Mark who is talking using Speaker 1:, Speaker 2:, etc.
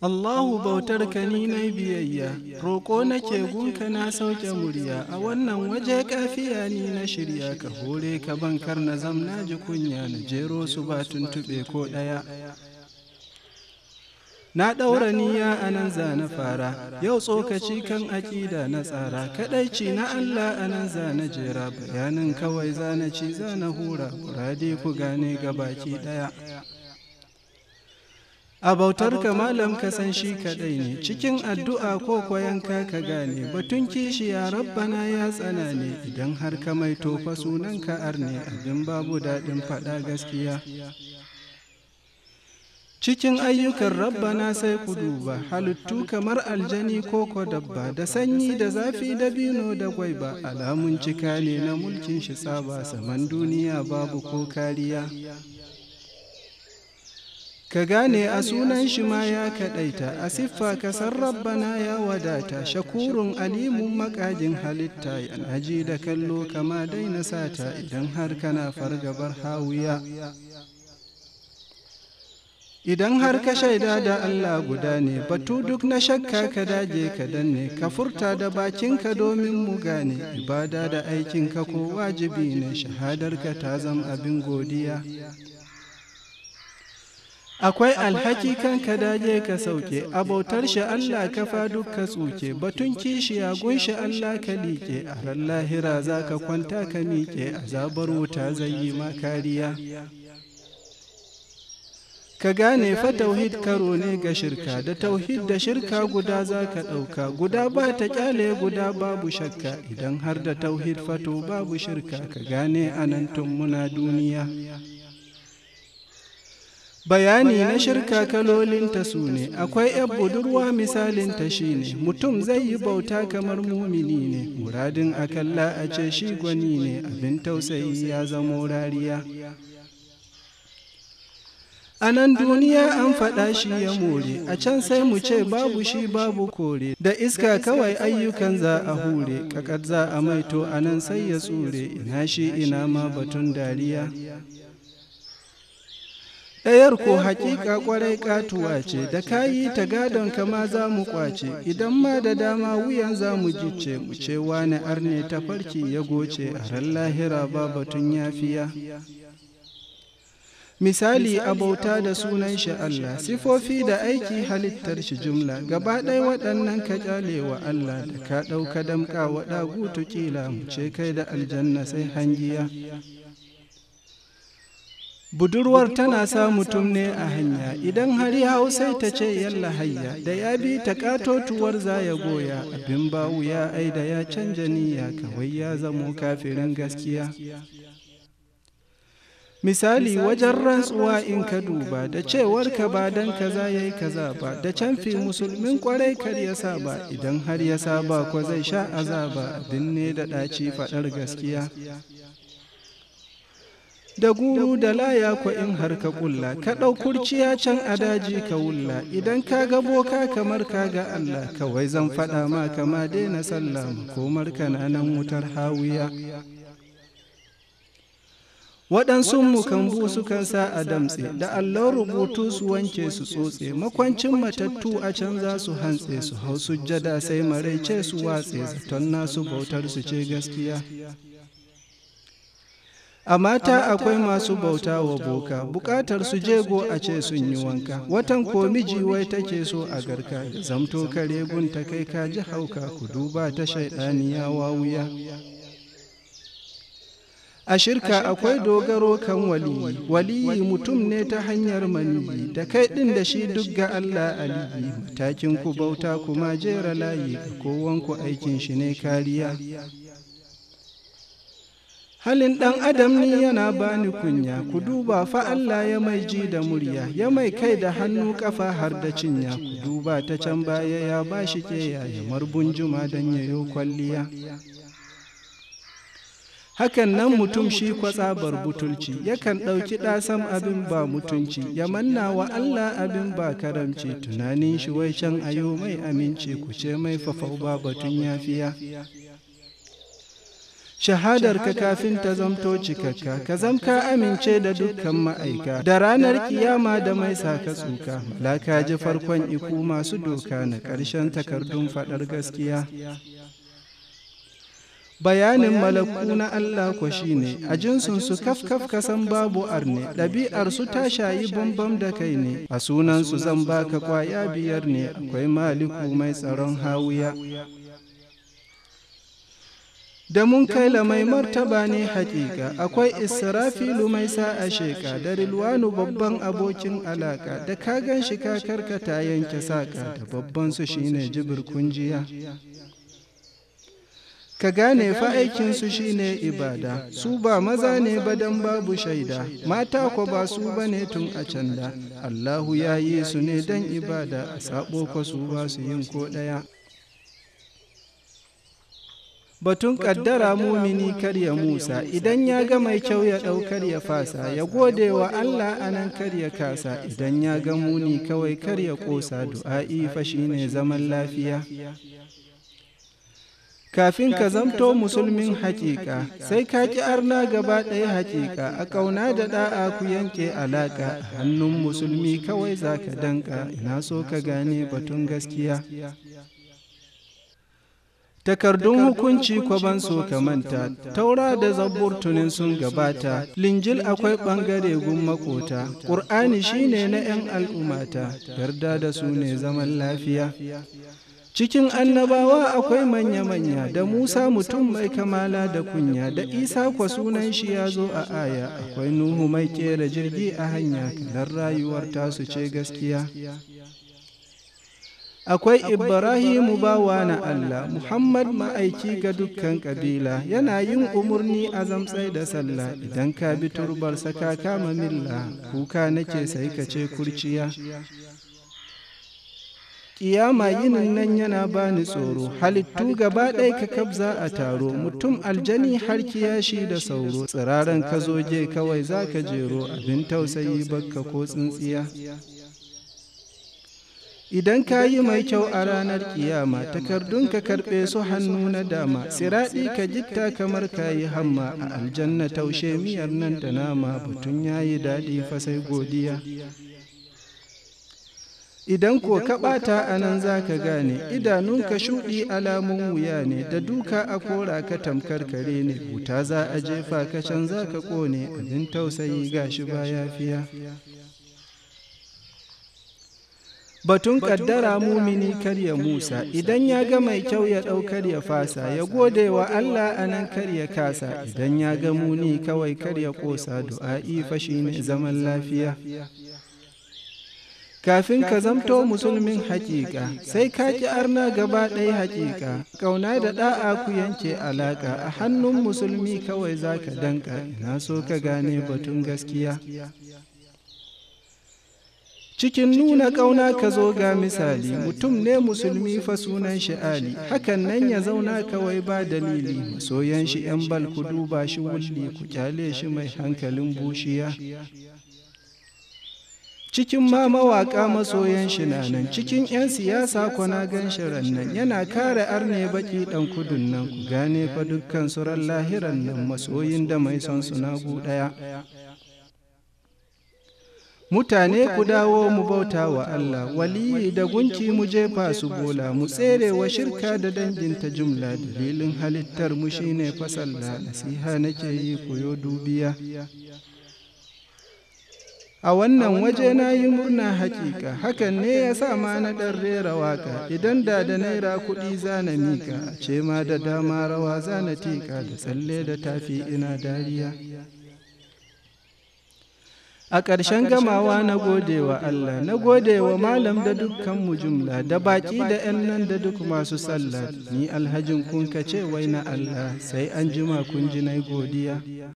Speaker 1: Allahu bautar ka ni na biyayya, roƙo nake gunka na sauke murya, a wannan waje kafiya ni na shirya ka hore ka bankar na zam na ji kunya na jero su ba tuntuɓe ko ɗaya. Na ɗaura niyya a nan za na fara, yau tsokaci kan aƙida na tsara, kaɗaici na Allah a nan za na jera, bayanin kawai za na ci za na hura, ku gane ga baki ɗaya. a bautar ka malam kasan shi kaɗai ne cikin addu'a ko kwayanka ka gane batun kishi ya rabbana ya tsana ne idan har ka mai tofa sunan ka arne abin babu daɗin faɗa gaskiya cikin ayyukan rabbana sai ku duba halittu kamar aljani ko dabba da sanyi da zafi da bino da gwaiba alamun cika ne na mulkin shi tsaba saman duniya babu ko kariya ka gane a sunan shi ma ya kaɗaita a siffa ka san rabbana ya wadata shakurun alimun makajin halitta haji da kallo kama daina sata idan har kana fargabar hawuya. idan har ka shaida da Allah guda ne batu duk na shakka ka daje ka danne ka furta da bakinka domin mu gane ibada da aikinka ko wajibi ne shahadarka ta zama abin godiya akwai alhaki kan ka daje ka sauke abautar shi Allah ka fa dukka tsuke batun kishiya gunshi Allah ka liƙe a ran lahira za ka kwanta ka miƙe zabar wuta zai yi ma kariya ka gane fa tauhid karo ne ga shirka da tauhid da shirka guda za ka ɗauka guda ba ta ƙyale guda babu shakka idan har da tauhid fato babu shirka ka gane anantun muna duniya bayani na shirka kalolinta su ne akwai yan budurwa misalinta shi ne mutum zai yi bauta kamar mumini ne muradin akalla a ce shi gwani ne abin tausayi ya zamo rariya a nan duniya an faɗa shi ya more a can sai mu ce babu shi babu kore da iska kawai ayyukan za a hure kakar za a maito a nan sai ya tsure ina shi ina ma batun dariya ɗayar ko hakika kwarai katuwa ce da kayi ta gadon kama za mu kwace idan ma da dama wuyan za mu jice mu ce wani arne ta farki ya goce a ran lahira ba batun yafiya misali abauta da sunan shi Allah sifofi da aiki halittar shi jumla gaba ɗaya waɗannan ka ƙyale wa Allah da ka ɗauka damƙa waɗa ɗagutu ƙila mu ce kai da aljanna sai hangiya budurwar tana sa mutum ne a hanya idan har ya hau sai ta ce yalla hayya da ya bi ta katotuwar za ya goya abin ba wuya ai da ya canja niyya kawai ya zamo kafirin gaskiya misali wajen rantsuwa in ka duba da cewar ka ba don kaza ya yi kaza ba da canfi musulmin kwarai kar ya sa ba idan har ya sa ba ko zai sha azaba abin ne da ɗaci faɗar gaskiya da guru da laya kwa in har ka kulla ka ɗau kurciya can a daji ka wulla idan ka ga boka kamar ka ga Allah kawai zan faɗa ma kama daina sallah komar nan wutar hawiya waɗansun mukambu sukan sa a damtse da allon rubutu su wanke su tsotse makwancin matattu a can za su hantse su hau sujjada sai maraice su watse zaton nasu bautar su ce gaskiya a mata akwai masu bauta wa boka bukatar su jego a ce sun yi wanka watan ko miji wai take so a garka zamto kare gun ta kai ka ji hauka ku duba ta shaidaniya wawuya a shirka akwai dogaro kan waliyi waliyi mutum ne ta hanyar maniyi da kai ɗin da shi duk ga allah aliyi matakin ku bauta kuma jera layi kowanku aikin shi ne kariya halin ɗan adam ni yana bani kunya ku duba fa Allah ya mai ji da murya ya mai kai da hannu kafa har da cinya ku duba ta can baya ya ba shi ke yaya marbun juma don yayo kwalliya hakan nan mutum shi kwatsabar butulci yakan ɗauki ɗasan abin ba mutunci ya manna wa Allah abin ba karamci tunanin shi wai can ayo mai aminci ku ce mai fafau ba batun yafiya Shahadar ka kafin ta zamto cikakka ka zam ka amince da dukkan ma'aika da ranar kiyama da mai sa ka tsuka laka ji farkon iku masu doka na ƙarshen takardun faɗar gaskiya bayanin malaku na Allah ko ne, a jinsun su kaf kaf kasan babu arne ɗabi'ar su ta shayi bambam da kai ne a sunan su zan baka kwaya biyar ne akwai maliku mai tsaron hawuya. da mun kai la mai martaba ne haƙiƙa akwai israfilu mai sa a sheka da rilwanu babban abokin alaka, da ka gan shi ka karkata yanke saƙa da babban su shine jibir kunjiya ka gane fa aikinsu shine ibada su ba maza ne ba dan babu shaida mata ko ba su ba tun a can da allahu ya yi su ne don ibada a saɓo ko su ba su yin ko ɗaya batun kaddara mumini kar ya musa idan ya ga mai kyau ya ɗaukar ya fasa ya gode wa allah anan kar ya kasa idan ya ga muni kawai kar ya ƙosa du'a'i fa ne zaman lafiya kafin ka zamto musulmin hakika sai ka ki arna gaba ɗaya hakika a ƙauna da ɗa'a ku yanke alaƙa hannun musulmi kawai za ka danka ina so ka gane batun gaskiya takardun hukunci kwaban so ka manta taura da zabur tunin sun gabata linjil akwai ɓangare gun makota ƙur'ani shine na 'yan al'ummata yarda da su ne zaman lafiya cikin annabawa akwai manya-manya da musa mutum mai kamala da kunya da isa kwa sunan shi ya zo a aya akwai nuhu mai kera jirgi a hanya kalar rayuwar tasu ce gaskiya akwai ibrahimu bawa na allah muhammad ma'aiki ga dukkan kabila yana yin umarni a zamtsai da sallah idan ka bi turbar saka kama milla kuka nake sai ka ce kurciya Ƙiyama yinin nan yana bani tsoro, halittu gaba ɗaya ka kabza a taro, mutum aljani har kiyashi da sauro, tsiraren ka zoje kawai za ka jero abin tausayi bakka ko tsintsiya. idan ka yi mai kyau a ranar kiyama takardun ka karɓe su hannu na dama siraɗi ka jitta kamar ka yi hamma a aljanna taushe miyar nan da nama butun ya yi daɗi fasai godiya idan ko ka ɓata a nan za ka gane idanunka shuɗi alamun wuya ne da duka a kora ka tamkar kare ne wuta za a jefa ka can za ka ƙone abin tausayi gashi baya fiya Batun kaddara mumini karya Musa, idan ya ga mai kyau ya ɗaukar ya fasa, ya gode wa Allah a nan karya kasa, idan ya ga muni kawai karya ƙosa du'a'i fashi ne zaman lafiya. Kafin ka zamto musulmin haƙiƙa, sai ka ki arna gaba ɗaya haƙiƙa, kauna da ɗa'a ku yanke alaƙa, a hannun musulmi kawai za ka danka, ina so ka gane batun gaskiya. cikin nuna ƙauna ka zo ga misali mutum ne musulmi fa sunan shi ali hakan nan ya zauna kawai ba dalili masoyan shi yan bal ku duba shi wulli ku kyale shi mai hankalin bushiya cikin ma mawaƙa masoyan shi na nan cikin 'yan siyasa kwana gan shirin nan yana kare arne baki ɗan kudun nan ku gane fa dukkan suran lahiran nan masoyin da mai son su na ɗaya mutane ku dawo mu bauta wa Allah wali da gunki mu jefa su bola mu tsere wa shirka da danginta jumla dalilin halittar mu shine fasalla nasiha nake yi koyo dubiya a wannan waje na yi murna hakika hakan ne ya sa ma na ɗan rera waka idan da da naira kuɗi za na mika ce ma da dama rawa za na tika da tsalle da tafi ina dariya A ƙarshen gamawa na gode wa Allah, na gode wa malam da mu jumla, da baƙi da ‘yan nan da duk masu sallah, ni alhajin kun ka ce wai na Allah, sai an jima kun ji na godiya.